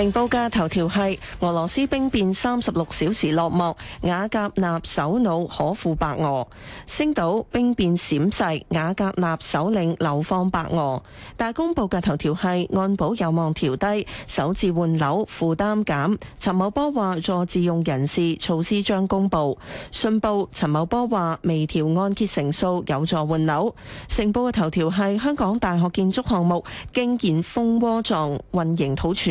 明報嘅頭條係俄羅斯兵變三十六小時落幕，瓦格納首腦可赴白俄。星島兵變閃逝，瓦格納首領流放白俄。大公報嘅頭條係按保有望調低，首置換樓負擔減。陳茂波話助自用人士措施將公布。信報陳茂波話微調按揭成數有助換樓。成報嘅頭條係香港大學建築項目驚現蜂窩狀混凝土柱。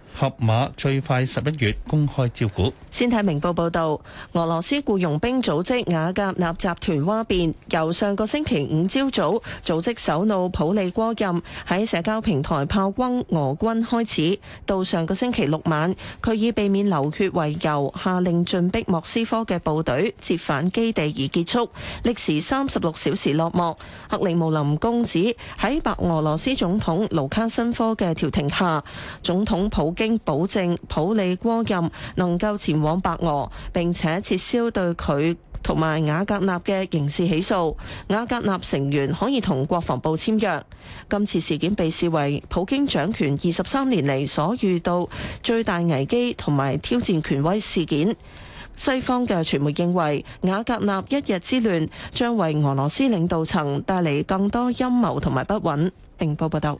合馬最快十一月公開招股。先睇明報報道，俄羅斯僱傭兵組織瓦格納集團，團蛙變，由上個星期五朝早組織首腦普利戈任喺社交平台炮轟俄軍開始，到上個星期六晚，佢以避免流血為由下令進逼莫斯科嘅部隊撤返基地而結束，歷時三十六小時落幕。克里姆林宮指喺白俄羅斯總統盧卡申科嘅調停下，總統普。經保證普里戈任能夠前往白俄，並且撤銷對佢同埋瓦格納嘅刑事起訴。瓦格納成員可以同國防部簽約。今次事件被視為普京掌權二十三年嚟，所遇到最大危機同埋挑戰權威事件。西方嘅傳媒認為瓦格納一日之亂將為俄羅斯領導層帶嚟更多陰謀同埋不穩。明報報道。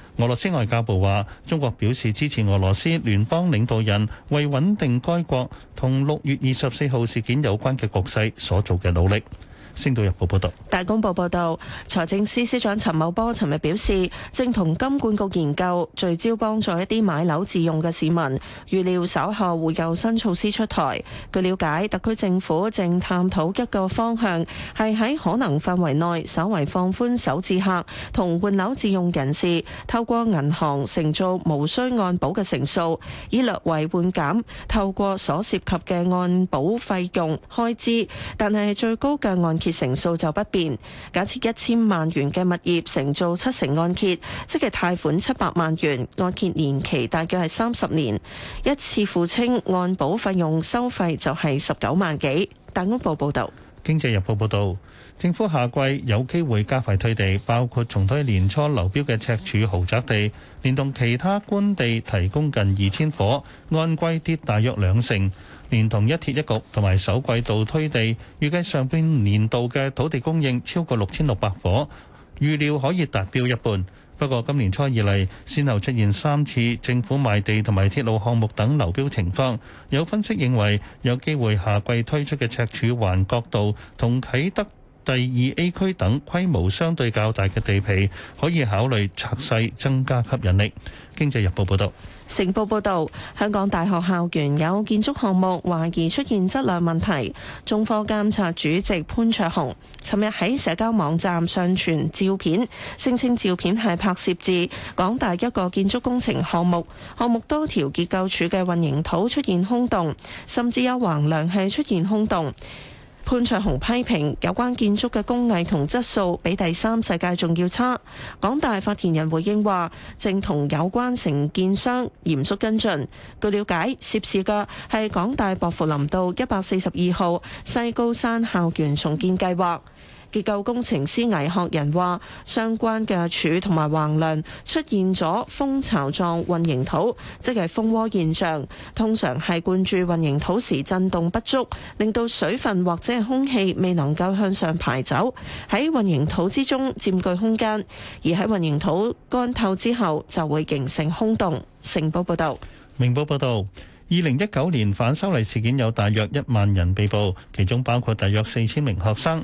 俄羅斯外交部話：中國表示支持俄羅斯聯邦領導人為穩定該國同六月二十四號事件有關嘅局勢所做嘅努力。星島日報報道，大公報報道，財政司司長陳茂波尋日表示，正同金管局研究聚焦幫助一啲買樓自用嘅市民，預料稍後會有新措施出台。據了解，特區政府正探討一個方向，係喺可能範圍內，稍為放寬首置客同換樓自用人士透過銀行承做無需按保嘅成數，以略為緩減透過所涉及嘅按保費用開支，但係最高嘅按揭成數就不變。假設一千萬元嘅物業承做七成按揭，即係貸款七百萬元，按揭年期大概係三十年，一次付清，按保費用收費就係十九萬幾。大公報報道。經濟日報報導，政府下季有機會加快推地，包括重推年初流標嘅赤柱豪宅地，連同其他官地提供近二千伙，按季跌大約兩成，連同一鐵一局同埋首季度推地，預計上半年度嘅土地供應超過六千六百伙，預料可以達標一半。不過今年初以嚟，先後出現三次政府賣地同埋鐵路項目等流標情況，有分析認為有機會下季推出嘅赤柱環角道同啟德。第二 A 區等規模相對較大嘅地皮，可以考慮拆細，增加吸引力。經濟日報報道：「成報報道，香港大學校園有建築項目懷疑出現質量問題。中科監察主席潘卓雄，尋日喺社交網站上傳照片，聲稱照片係拍攝自港大一個建築工程項目，項目多條結構柱嘅混凝土出現空洞，甚至有橫梁係出現空洞。潘卓雄批評有關建築嘅工藝同質素比第三世界仲要差。港大發言人回應話，正同有關承建商嚴肅跟進。據了解，涉事嘅係港大薄扶林道一百四十二號西高山校園重建計劃。結構工程師危學人話，相關嘅柱同埋橫樑出現咗蜂巢狀混凝土，即係蜂窩現象。通常係灌注混凝土時震動不足，令到水分或者係空氣未能夠向上排走，喺混凝土之中佔據空間，而喺混凝土乾透之後就會形成空洞。成報報道，明報報道，二零一九年反修例事件有大約一萬人被捕，其中包括大約四千名學生。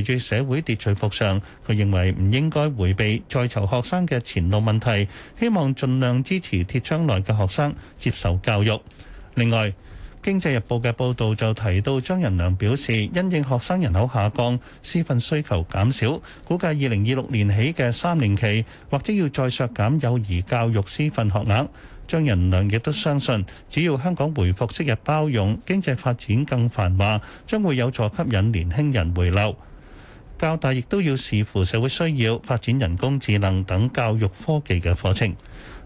隨住社會秩序復上，佢認為唔應該迴避在囚學生嘅前路問題，希望盡量支持鐵窗內嘅學生接受教育。另外，《經濟日報》嘅報道就提到，張仁良表示，因應學生人口下降，師訓需求減少，估計二零二六年起嘅三年期，或者要再削減幼兒教育師訓學額。張仁良亦都相信，只要香港回復昔日包容，經濟發展更繁華，將會有助吸引年輕人回流。教大，亦都要視乎社會需要，發展人工智能等教育科技嘅課程。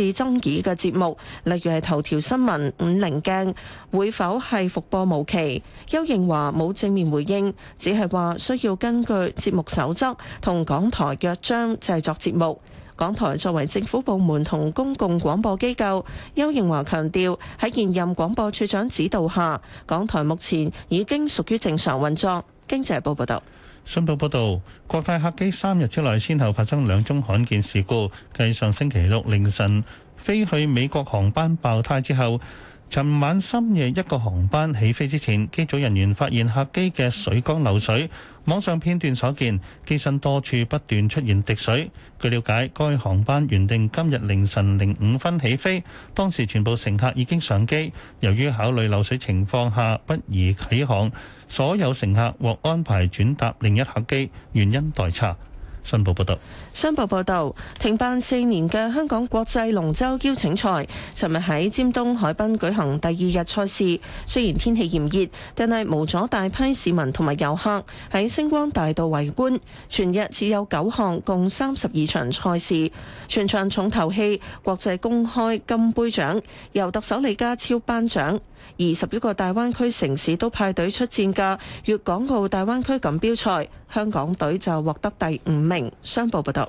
是爭議嘅節目，例如係頭條新聞五稜鏡會否係復播無期？邱應樺冇正面回應，只係話需要根據節目守則同港台約章製作節目。港台作為政府部門同公共廣播機構，邱應樺強調喺現任廣播處長指導下，港台目前已經屬於正常運作。經濟日報報道。新報報道，國泰客機三日之內先後發生兩宗罕見事故，繼上星期六凌晨飛去美國航班爆胎之後。尋晚深夜，一個航班起飛之前，機組人員發現客機嘅水缸漏水。網上片段所見，機身多處不斷出現滴水。據了解，該航班原定今日凌晨零五分起飛，當時全部乘客已經上機。由於考慮漏水情況下不宜起航，所有乘客獲安排轉搭另一客機，原因待查。新聞報，報道，報，報道，停辦四年嘅香港國際龍舟邀請賽，尋日喺尖東海濱舉行第二日賽事。雖然天氣炎熱，但係無咗大批市民同埋遊客喺星光大道圍觀。全日只有九項，共三十二場賽事，全場重頭戲——國際公開金杯獎，由特首李家超頒獎。而十一個大灣區城市都派隊出戰嘅粵港澳大灣區錦標賽，香港隊就獲得第五名。商報報道。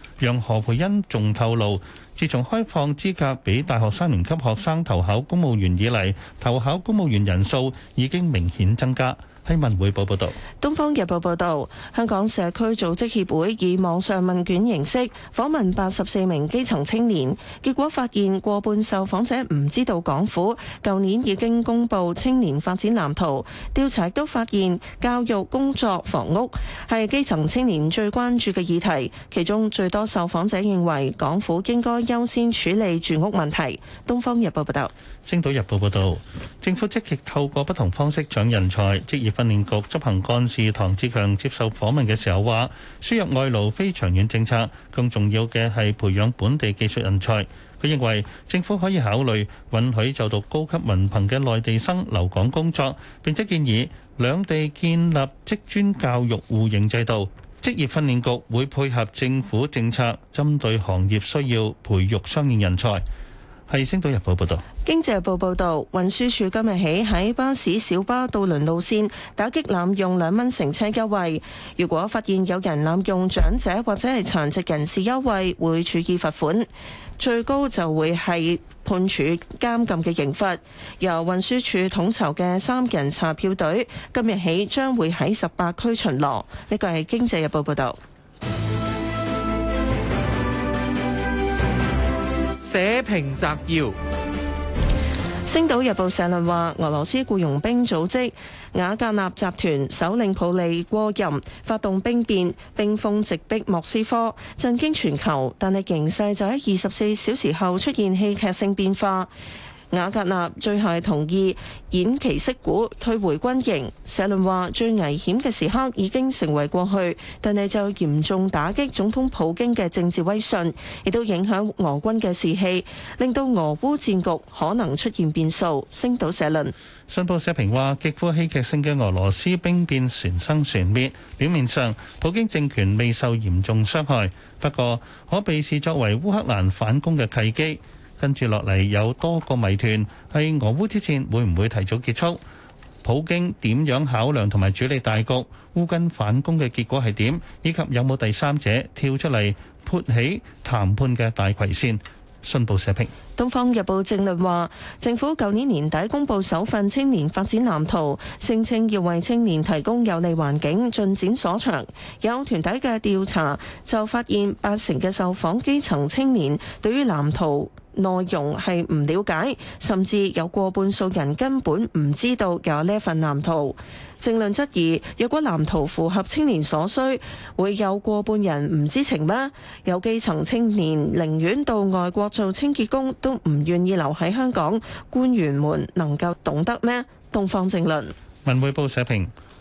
楊何培恩仲透露，自從開放資格俾大學三年級學生投考公務員以嚟，投考公務員人數已經明顯增加。《文匯報，報道》報導，《東方日報，報道》報導，香港社區組織協會以網上問卷形式訪問八十四名基層青年，結果發現過半受訪者唔知道港府舊年已經公布青年發展藍圖。調查亦都發現，教育、工作、房屋係基層青年最關注嘅議題，其中最多受訪者認為港府應該優先處理住屋問題。《東方日報》報道，《星島日報》報道，政府積極透過不同方式搶人才、職業。職業訓練局執行幹事唐志強接受訪問嘅時候話，輸入外勞非長遠政策，更重要嘅係培養本地技術人才。佢認為政府可以考慮允許就讀高級文憑嘅內地生留港工作，並且建議兩地建立職專教育互認制度。職業訓練局會配合政府政策，針對行業需要培育相應人才。係《星島日報》報道，《經濟日報》報道，運輸署今日起喺巴士、小巴渡輪路線打擊濫用兩蚊乘車優惠。如果發現有人濫用長者或者係殘疾人士優惠，會處以罰款，最高就會係判處監禁嘅刑罰。由運輸署統籌嘅三人查票隊今日起將會喺十八區巡邏。呢個係《經濟日報》報道。《者平摘要：星島日報》社論話：俄羅斯僱傭兵組織雅各納集團首領普利過任發動兵變，兵鋒直逼莫斯科，震驚全球。但係形勢就喺二十四小時後出現戲劇性變化。瓦格納最後同意偃旗息鼓退回軍營。社論話最危險嘅時刻已經成為過去，但係就嚴重打擊總統普京嘅政治威信，亦都影響俄軍嘅士氣，令到俄烏戰局可能出現變數。星島社論。信報社評話極富戲劇性嘅俄羅斯兵變旋生旋滅，表面上普京政權未受嚴重傷害，不過可被視作為烏克蘭反攻嘅契機。跟住落嚟有多個謎團，係俄烏之戰會唔會提早結束？普京點樣考量同埋處理大局？烏軍反攻嘅結果係點？以及有冇第三者跳出嚟潑起談判嘅大葵扇？信報社評。《東方日報政論》話：政府舊年年底公布首份青年發展藍圖，聲稱要為青年提供有利環境進展所長，有團體嘅調查就發現八成嘅受訪基層青年對於藍圖內容係唔瞭解，甚至有過半數人根本唔知道有呢一份藍圖。政論質疑，若果藍圖符合青年所需，會有過半人唔知情咩？有基層青年寧願到外國做清潔工，都唔願意留喺香港，官員們能夠懂得咩？東方政論，文匯報社評。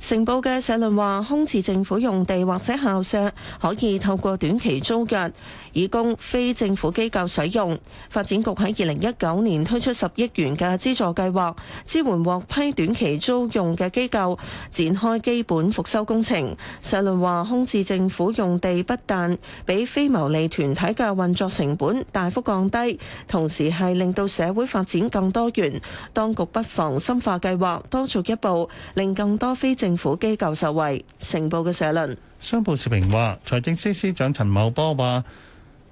成報嘅社論話，空置政府用地或者校舍可以透過短期租約，以供非政府機構使用。發展局喺二零一九年推出十億元嘅資助計劃，支援獲批短期租用嘅機構展開基本復修工程。社論話，空置政府用地不但比非牟利團體嘅運作成本大幅降低，同時係令到社會發展更多元。當局不妨深化計劃，多做一步，令更多非政府政府機構受惠，成報嘅社論。商報視評話，財政司司長陳茂波話，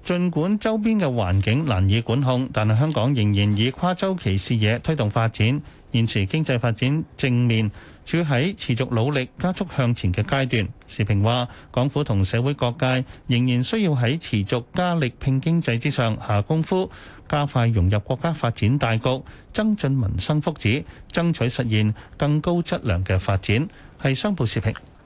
盡管周邊嘅環境難以管控，但係香港仍然以跨周期視野推動發展，現時經濟發展正面，處喺持續努力加速向前嘅階段。視評話，港府同社會各界仍然需要喺持續加力拼經濟之上下功夫，加快融入國家發展大局，增進民生福祉，爭取實現更高質量嘅發展。係商報視頻。